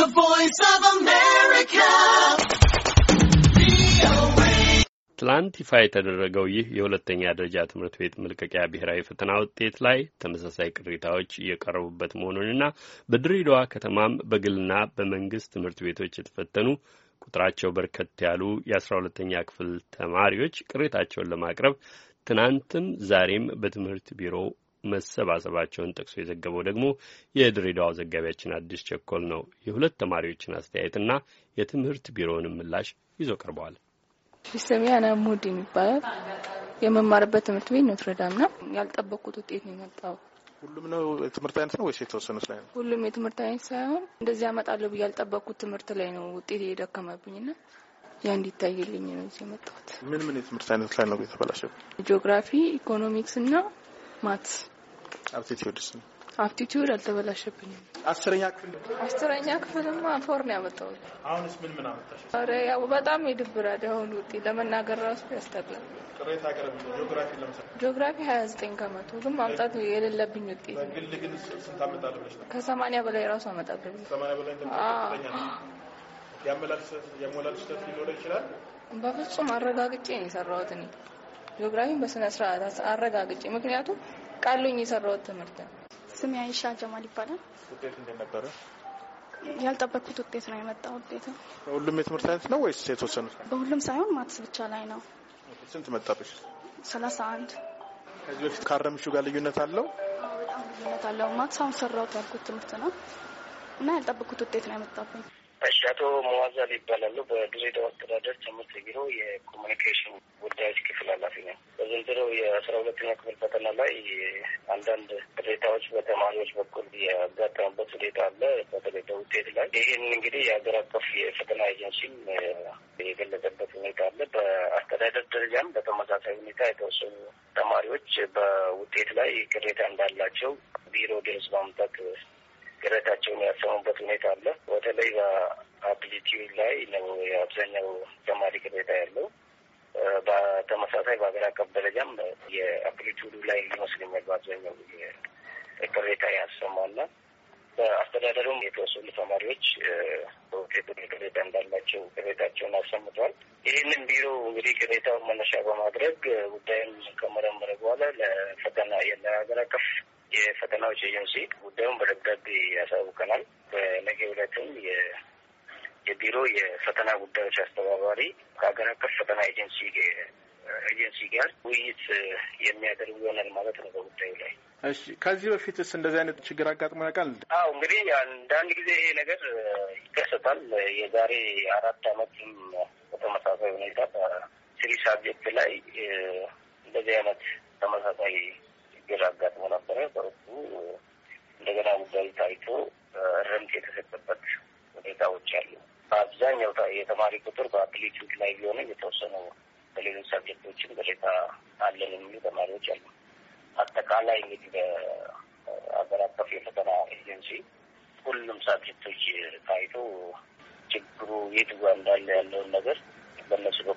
The Voice of America. ትላንት ይፋ የተደረገው ይህ የሁለተኛ ደረጃ ትምህርት ቤት መልቀቂያ ብሔራዊ ፈተና ውጤት ላይ ተመሳሳይ ቅሬታዎች የቀረቡበት መሆኑንና በድሬዳዋ ከተማም በግልና በመንግስት ትምህርት ቤቶች የተፈተኑ ቁጥራቸው በርከት ያሉ የአስራ ሁለተኛ ክፍል ተማሪዎች ቅሬታቸውን ለማቅረብ ትናንትም ዛሬም በትምህርት ቢሮ መሰባሰባቸውን ጠቅሶ የዘገበው ደግሞ የድሬዳዋ ዘጋቢያችን አዲስ ቸኮል ነው። የሁለት ተማሪዎችን አስተያየትና የትምህርት ቢሮውንም ምላሽ ይዞ ቀርበዋል። ስሜ ሙድ ይባላል። የመማርበት ትምህርት ቤት ኖትረዳም ነው። ያልጠበቁት ውጤት ነው የመጣው። ሁሉም ነው የትምህርት አይነት ነው ወይስ የተወሰኑት ላይ ነው? ሁሉም የትምህርት አይነት ሳይሆን እንደዚህ ያመጣለሁ ብዬ ያልጠበቅኩት ትምህርት ላይ ነው ውጤት ና ያ እንዲታይልኝ ነው እዚህ የመጣሁት። ምን ምን የትምህርት አይነት ላይ ነው የተበላሸው? ጂኦግራፊ፣ ኢኮኖሚክስ እና ማት አፕቲቲዩድስ ነው። አፕቲቲዩድ አልተበላሸብኝም። አስረኛ ክፍል አስረኛ ክፍልማ ፎር ነው ያመጣው። አሁንስ ምን ምን አመጣሽ? ኧረ ያው በጣም ይደብራል። አሁን ውጤ ለመናገር ራሱ ያስጠላል። ቅሬታ ቀረብ። ጂኦግራፊ ለምሳሌ ጂኦግራፊ 29 ከመቶ ግን ማምጣት የሌለብኝ ውጤት። በግል ግን ስንት አመጣለሁ ብለሽ ነው? ከ80 በላይ ራሱ አመጣለሁ። 80 በላይ እንደምትጠኛ ነው ያመላልስ ያሞላልስ ሊኖር ይችላል። በፍጹም አረጋግጬ ነው የሰራሁት እኔ ጂኦግራፊን በስነ ስርዓት አረጋግጬ ምክንያቱም ቃሉኝ የሰራሁት ትምህርት ነው። ስሜ አይሻ ጀማል ይባላል። ውጤት እንደነበረ ያልጠበቅኩት ውጤት ነው የመጣ ውጤት ነው። የትምህርት አይነት ነው ወይስ የተወሰኑት? በሁሉም ሳይሆን ማትስ ብቻ ላይ ነው። ስንት መጣብሽ? ሰላሳ አንድ ከዚህ በፊት ካረምሹ ጋር ልዩነት አለው? በጣም ልዩነት አለው። ማትስ አሁን ሰራሁት ያልኩት ትምህርት ነው እና ያልጠበቅኩት ውጤት ነው የመጣብኝ። እሺ፣ አቶ መዋዛል ይባላሉ። በድሬዳዋ አስተዳደር ትምህርት ቢሮ የኮሚኒኬሽን ጉዳዮች ክፍል ኃላፊ ነው። በዘንድሮ የአስራ ሁለተኛ ክፍል ፈተና ላይ አንዳንድ ቅሬታዎች በተማሪዎች በኩል ያጋጠመበት ሁኔታ አለ። በተለይ በውጤት ላይ ይህን እንግዲህ የሀገር አቀፍ የፈተና ኤጀንሲም የገለጸበት ሁኔታ አለ። በአስተዳደር ደረጃም በተመሳሳይ ሁኔታ የተወሰኑ ተማሪዎች በውጤት ላይ ቅሬታ እንዳላቸው ቢሮ ድረስ ማምጣት ግረታቸውን ያሰሙበት ሁኔታ አለ። በተለይ በአፕሊቲዩድ ላይ ነው የአብዛኛው ተማሪ ቅሬታ ያለው። በተመሳሳይ በሀገር አቀፍ ደረጃም የአፕሊቲዩዱ ላይ ይመስለኛል በአብዛኛው ቅሬታ ያሰማና በአስተዳደሩም የተወሰኑ ተማሪዎች በውጤቱ ቅሬታ እንዳላቸው ቅሬታቸውን አሰምተዋል። ይህንን ቢሮ እንግዲህ ቅሬታውን መነሻ በማድረግ ጉዳዩን ከመረመረ በኋላ ለፈተና ሀገር አቀፍ የፈተናዎች ኤጀንሲ ጉዳዩን በደብዳቤ ያሳውቀናል። በነገ ዕለትም የቢሮ የፈተና ጉዳዮች አስተባባሪ ከሀገር አቀፍ ፈተና ኤጀንሲ ኤጀንሲ ጋር ውይይት የሚያደርጉ ይሆናል ማለት ነው በጉዳዩ ላይ። እሺ ከዚህ በፊትስ እንደዚህ አይነት ችግር አጋጥሞ ያውቃል? አዎ እንግዲህ አንዳንድ ጊዜ ይሄ ነገር ይከሰታል። የዛሬ አራት አመትም በተመሳሳይ ሁኔታ ስሪ ሳብጀክት ላይ እንደዚህ አይነት ተመሳሳይ ችግር አጋጥሞ ነበረ። በእሱ እንደገና ጉዳዩ ታይቶ እርምት የተሰጠበት ሁኔታዎች አሉ። በአብዛኛው የተማሪ ቁጥር በአትሌቲክ ላይ ቢሆንም የተወሰኑ በሌሎች ሰብጀክቶችን በሌታ አለን የሚሉ ተማሪዎች አሉ። አጠቃላይ እንግዲህ በአገር አቀፍ የፈተና ኤጀንሲ ሁሉም ሳብጀክቶች ታይቶ ችግሩ የት ጋ እንዳለ ያለውን ነገር በነሱ